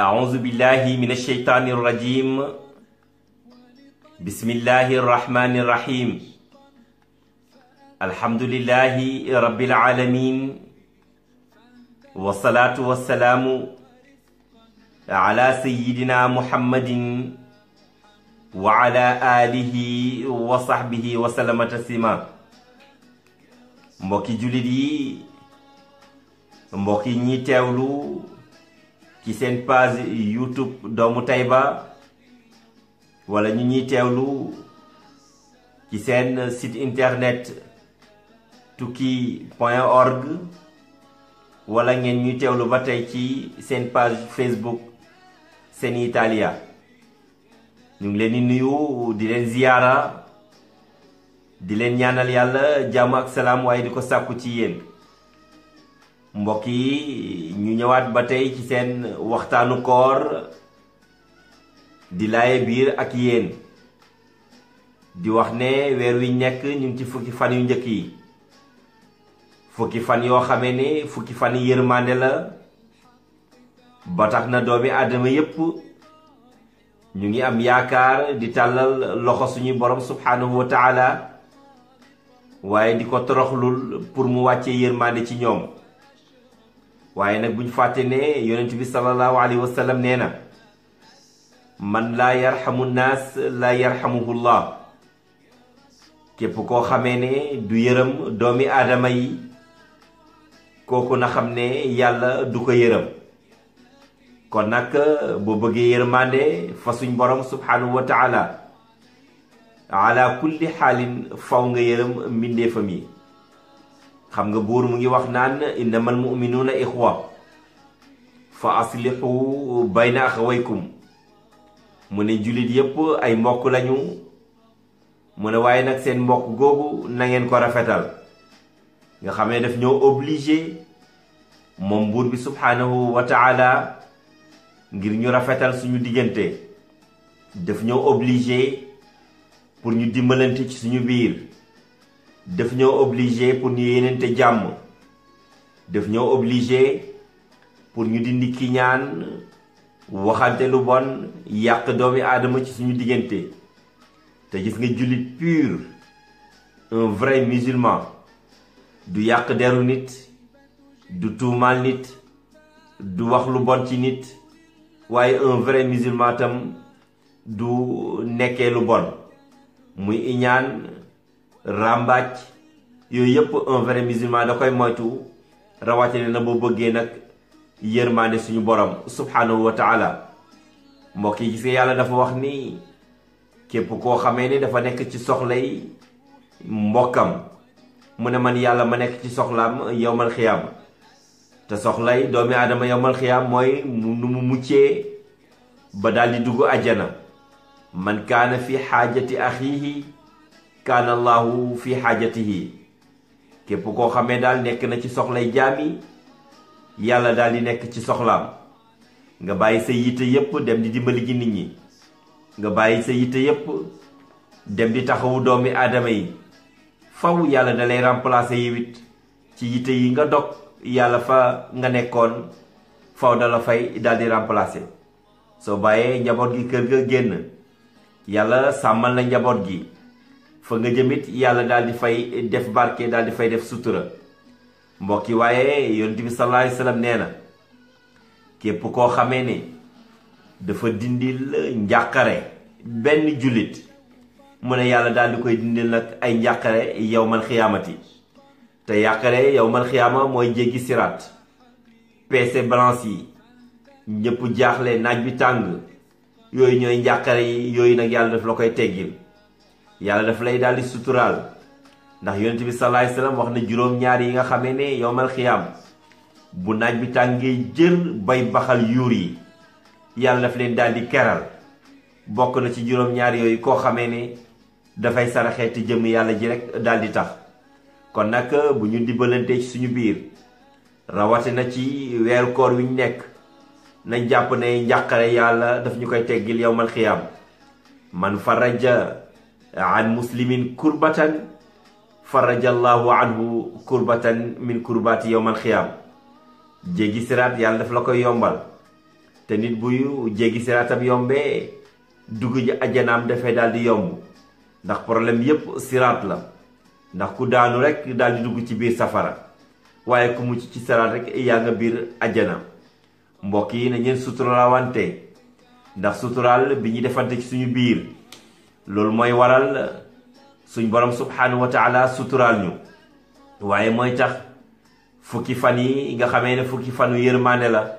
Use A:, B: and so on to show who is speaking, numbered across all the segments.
A: أعوذ بالله من الشيطان الرجيم بسم الله الرحمن الرحيم الحمد لله رب العالمين والصلاة والسلام على سيدنا محمد وعلى آله وصحبه وسلم تسليما mbokki jullit yi mbokki ñi teewlu ci seen page YouTube doomu Taïba wala ñu ñuy teewlu ci seen site internet tukki point org wala ngeen ñuy teewlu ba tey ci seen page Facebook seen Italia ñu ngi leen di nuyu di leen ziyaara di leen ñaanal yàlla jàmm ak salaam waaye di ko sàkku ci yéen mbokk yi ñu ñëwaat ba tey ci seen waxtaanu koor di laaye biir ak yéen di wax ne weer wi nekk ñu ci fukki fan yu njëkk yi fukki fan yoo xame ne fukki fan yi la ba tax na doomi aadama yépp ñu ngi am yaakaar di tàllal loxo suñu borom subhaanahu wa waaye di ko toroxlul pour mu wàccee yërmande ci ñoom waaye nag buñ fàtte ne yonent bi sallallahu alayhi wa nee na man laa yarxamu naas laa yarxamuhullah képp koo xamee ne du yërëm doomi aadama yi kooku na xam ne yàlla du ko yërëm kon nag boo bëggee yërmande fasuñ borom subhanahu wa taala kulli xaalin faw nga yërëm mbindeefam yi xam nga buur mu ngi wax naan innamal muminuuna ixwa fa aslihu bayna axawaykum mu ne jullit yépp ay mbokk lañu mu ne waaye nag seen mbokk googu nangeen ko rafetal nga xam ne daf ñoo obligé moom buur bi subhaanahu wa taala ngir ñu rafetal suñu diggante daf ñoo obligé pour ñu dimbalante ci suñu biir daf ñëw obligé pour ñu yéeneente jàmm daf ñëw obligé pour ñu dindi kiñaan waxante lu bon yàq doomi aadama ci suñu diggante te gis nga jullit pur un vrai musulman du yàq deru nit du tuumaal nit du wax lu bon ci nit waaye un vrai musulman tam du nekkee lu bon muy iñaan ràmbaaj yooyu yëpp un vrai da koy moytu rawatina na boo bëggee nag yërmaande suñu borom subhanahu wa taala mbokk yi gis nga yàlla dafa wax nii képp koo xamee ni dafa nekk ci soxla mbokkam mu ne man yàlla ma nekk ci soxlaam yowmal xiyaam te soxlay doomi aadama yowmal xiyaam mooy nu mu muccee ba daal di dugg àjjana man kaana fi xaajati axiihi kaana allahu fi xaajatihi képp koo xamee daal nekk na ci soxlay jaam yàlla daal di nekk ci soxlaam nga bàyyi sa yitte yépp dem di dimbali ji nit ñi nga bàyyi sa yitte yépp dem di taxawu doomi aadama yi faw yàlla dalay lay remplacer yow ci yitte yi nga dog yàlla fa nga nekkoon faw dala la fay daal di remplacer soo bàyyee njaboot gi kër ga génn yàlla sàmmal na njaboot gi fa nga jëmit yàlla daal di fay def barke daal di fay def sutura mbokki waaye yonent bi sallallahu alayhi wasallam nee na képp koo xamee ne dafa dindil njàqare benn jullit mu ne yàlla daal di koy dindil nag ay njàqare yawmal xiyaamati te yàqare yawmal xiyaama mooy jéggi siraat peese balance yi ñëpp jaaxle naaj bi tàng yooyu ñooy njàqare yi yooyu nag yàlla daf la koy teggil yàlla dafa lay daal di suturaal ndax yonent bi salaay salaam wax na juróom-ñaar yi nga xamee ne yowmal xiyaam bu naaj bi tàngee jër bay baxal yuur yi yàlla dafa leen daal di keral bokk na ci juróom-ñaar yooyu koo xamee ne dafay saraxee te jëm yàlla ji rek daal di tax kon nag bu ñu dimbalantee ci suñu biir rawate na ci weeru koor wi ñu nekk na jàpp ne njàqare yàlla daf ñu koy teggil yowmal xiyaam man faraja an muslimin kurbatan farajallahu anhu kurbatan min kurbaati yowmal xiyaam jéggi siraat yàlla daf la koy yombal te nit buy jéggi siraatam yombee dugg ji ajanaam dafay daal di yomb ndax problème yépp siraat la ndax ku daanu rek daal di dugg ci biir safara waaye ku mucc ci siraat rek yaa nga biir ajana mbokk yi na ngeen suturalawante ndax suturaal bi ñu defante ci suñu biir loolu mooy waral suñ borom subhanahu wa taala suturaal ñu waaye mooy tax fukki fan yi nga xamee ne fukki fanu yërmaane la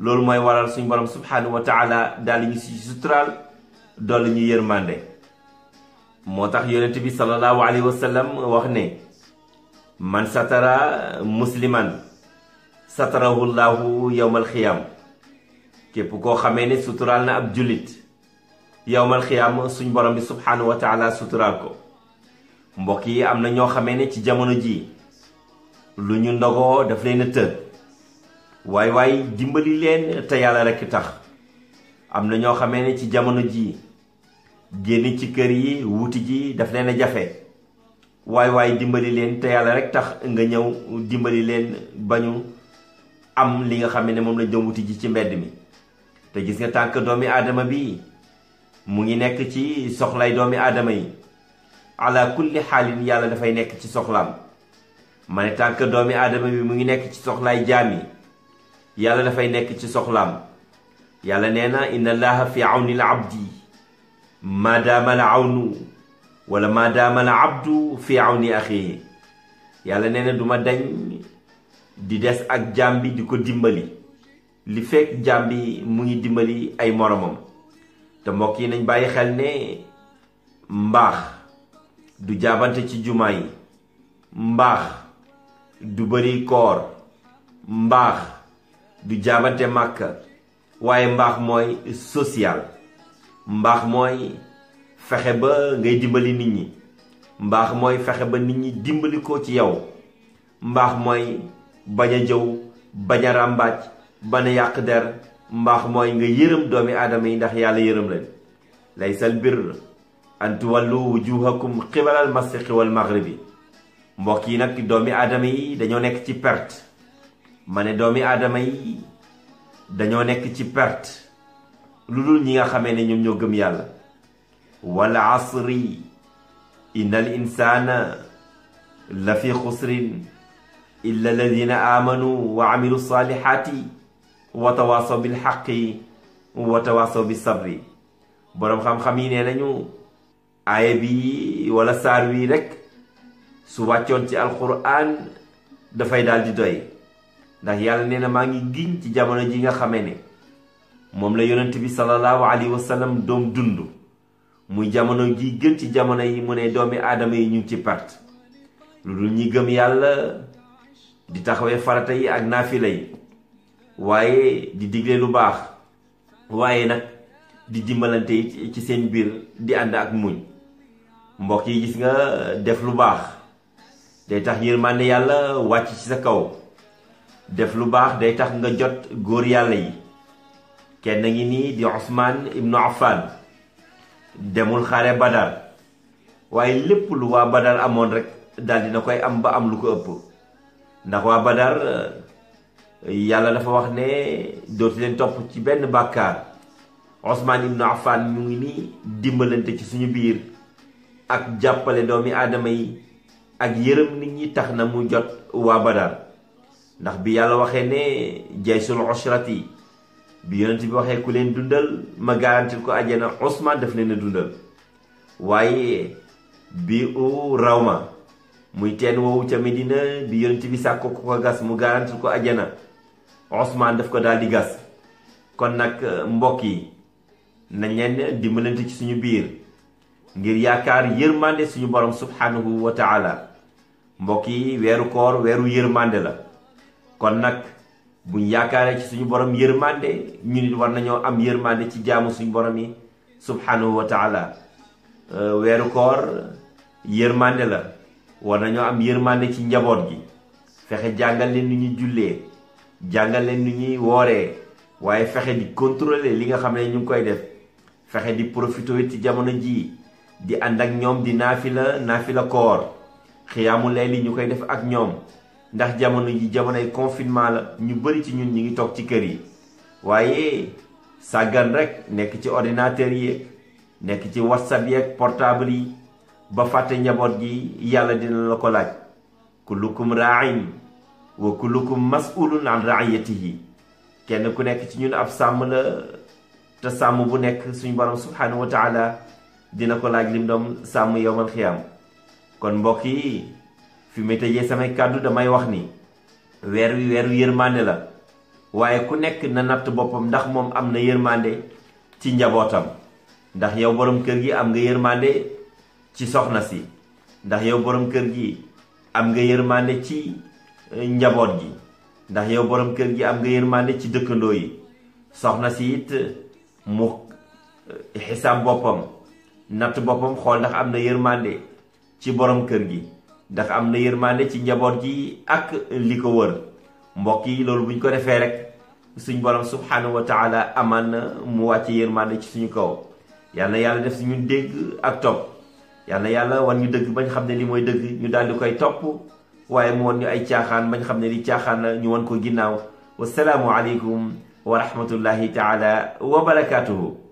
A: loolu mooy waral suñ borom subhanahu wa taala daal ñu si suturaal dolli ñu yërmaande moo tax yonent bi sallallahu alayhi wa sallam wax ne man satara musliman satarahu llahu yawmal xiyaam képp koo xamee ne suturaal na ab jullit yowmal xiyaam suñu borom bi subhaanahu wa taala suturaal ko mbokk yi am na ñoo xame ne ci jamono ji lu ñu ndogoo daf leen a tër waaye waaye dimbali leen te yàlla rekk tax am na ñoo xame ne ci jamono ji génn ci kër yi wuti ji daf leen jafe waaye waay dimbali leen te yàlla rekk tax nga ñëw dimbali leen ba ñu am li nga xam ne moom la doon wuti ji ci mbedd mi te gis nga tànk doomi aadama bi mu ngi nekk ci soxlay doomi aadama yi ala kulli xaalin yàlla dafay nekk ci soxlaam ma ne tànk doomi aadama bi mu ngi nekk ci soxlaay jaam yi yàlla dafay nekk ci soxlaam yàlla nee na inna allaha fi awni l abdi maadaama la awnu wala maadaama la abdu fi awni axihi yàlla nee na du ma dañ di des ak jaam bi di ko dimbali li fekk jaam bi mu ngi dimbali ay moromam te mbokk yi nañ bàyyi xel ne mbaax du jaabante ci jumaa yi mbaax du bëri koor mbaax du jaabante màkka waaye mbaax mooy social mbaax mooy fexe ba ngay dimbali nit ñi mbaax mooy fexe ba nit ñi dimbali koo ci yow mbaax mooy bañ a jëw bañ a ràmbaaj bañ a yàq der mbaax mooy nga yërëm doomi aadama yi ndax yàlla yërëm leen laysal birr an tuwallu wujuhakum qibalal masiqi wal maghribi mbokk yi nag doomi aadama yi dañoo nekk ci perte ma ne doomi aadama yi dañoo nekk ci perte lu dul ñi nga xame ne ñoom ñoo gëm yàlla wal asri innal insaana la fi xusrin illa alladina amanu wa amilu salihaati wa tawaasaw bil xaqi wa tawaasaw bi sabri boroom xam-xam yi nee nañu aaya bi walla saar wii rekk su wàccoon ci alxuraan dafay daal di doy ndax yàlla nee na maa ngi giñ ci jamono ji nga xame ne moom la yonent bi sallallahu alayhi wa sallam doom dund muy jamono ji gën ci jamono yi mu ne doomi aadama yi ñu ngi ci part lu dul ñi gëm yàlla di taxawee farata yi ak naafila yi waaye di digle lu baax waaye nag di dimbalante ci seen biir di ànd ak muñ mbokk yi gis nga def lu baax day tax yërmande yàlla wàcc ci sa kaw def lu baax day tax nga jot góor yàlla yi kenn ngi nii di Ousmane ibnu Affan demul xare Badar waaye lépp lu waa Badar amoon rek daal na koy am ba am lu ko ëpp ndax waa Badar yàlla dafa wax ne dootu leen topp ci benn bàkkaar Ousmane Ibn Affan mu ngi nii dimbalante ci suñu biir ak jàppale doomi aadama yi ak yërëm nit ñi tax na mu jot waa Badar ndax bi yàlla waxee ne jaysul ushrati bi yonent bi waxee ku leen dundal ma garantil ko àjjana Ousmane daf leen a dundal waaye bi u rawma muy teen woowu ca Medina bi yonent bi sàkko ko ko gas mu garantil ko àjjana Ousmane daf ko daal di gas kon nag euh, mbokk yi nañ leen dimbalante ci suñu biir ngir yaakaar yërmande suñu borom subhanahu wa taala mbokk yi weeru koor weeru yërmande la kon nag buñ yaakaaree ci suñu borom yërmande ñu nit war nañoo am yërmande ci jaamu suñu borom yi subhanahu wa taala euh, weeru koor yërmande la war nañoo am yërmande ci njaboot gi fexe jàngal leen ni ñu jullee jàngal leen ni ñuy wooree waaye fexe di contrôler li nga xam ne ñu ngi koy def fexe di profité ci jamono ji di ànd ak ñoom di naafila naafila koor xiyaamu layli ñu koy def ak ñoom ndax jamono ji jamonoy confinement la ñu bëri ci ñun ñu ngi toog ci kër yi waaye sàggan rek nekk ci ordinateur yi nekk ci whatsapp yeeg portable yi ba fàtte njaboot gi yàlla dina la ko laaj kullukum raain ku wa kullukum mas'ulun an yi kenn ku nekk ci ñun ab sàmm la te sàmm bu nekk suñu borom subhanahu wa dina ko laaj lim doom sàmm yowmal xiyaam kon mbokk yi fi may tëjee samay kàddu damay wax ni weer wi weer wi la waaye ku nekk na natt boppam ndax moom am na yërmande ci njabootam ndax yow borom kër gi am nga yërmande ci soxna si ndax yow borom kër gi am nga yërmande ci njaboot gi ndax yow boroom kër gi am nga yërmande ci dëkkandoo yi soxna si it mu eh, xisaab boppam natt boppam xool ndax am na yërmande ci borom kër gi ndax am na yërmande ci njaboot gi ak li ko wër mbokk yi loolu buñ ko defee rek suñ borom subhanahu wa taala amaan na mu wàcce yërmande ci suñu kaw yal yàlla def suñu dégg ak topp yal na yàlla wan ñu dëgg bañ xam ne li mooy dëgg ñu daal di koy topp waaye mu woon ñu ay caaxaan bañ xam ne li caaxaan la ñu won ko ginnaaw wasalaamu aleykum wa rahmatullahi taala wa barakaatuhu